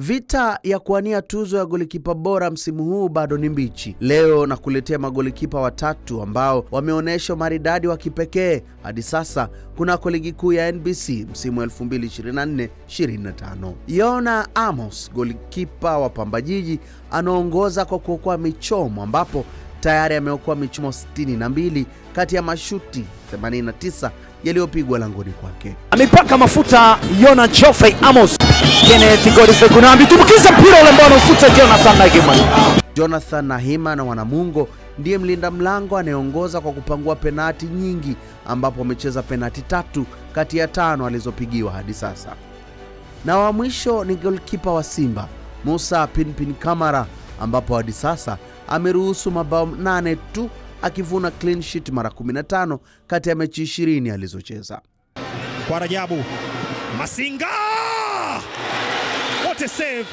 Vita ya kuania tuzo ya golikipa bora msimu huu bado ni mbichi. Leo nakuletea magolikipa watatu ambao wameonyesha maridadi wa kipekee hadi sasa kunako ligi kuu ya NBC msimu 2024-2025. Yona Amos, golikipa wa Pamba Jiji, anaongoza kwa kuokoa michomo ambapo tayari ameokoa michomo 62 kati ya mashuti 89 yaliyopigwa langoni kwake. Amepaka mafuta Yona Chofei Amos, Kenneth Godfrey Kunambi, tumbukiza mpira ule ambao anaufuta Jonathan Nagimani. Jonathan Nahima na Wanamungo ndiye mlinda mlango anayeongoza kwa kupangua penati nyingi, ambapo amecheza penati tatu kati ya tano alizopigiwa hadi sasa, na wa mwisho ni golkipa wa Simba Musa Pinpin Kamara, ambapo hadi sasa ameruhusu mabao nane tu akivuna clean sheet mara 15 kati ya mechi 20 alizocheza. Kwa Rajabu Masinga wote save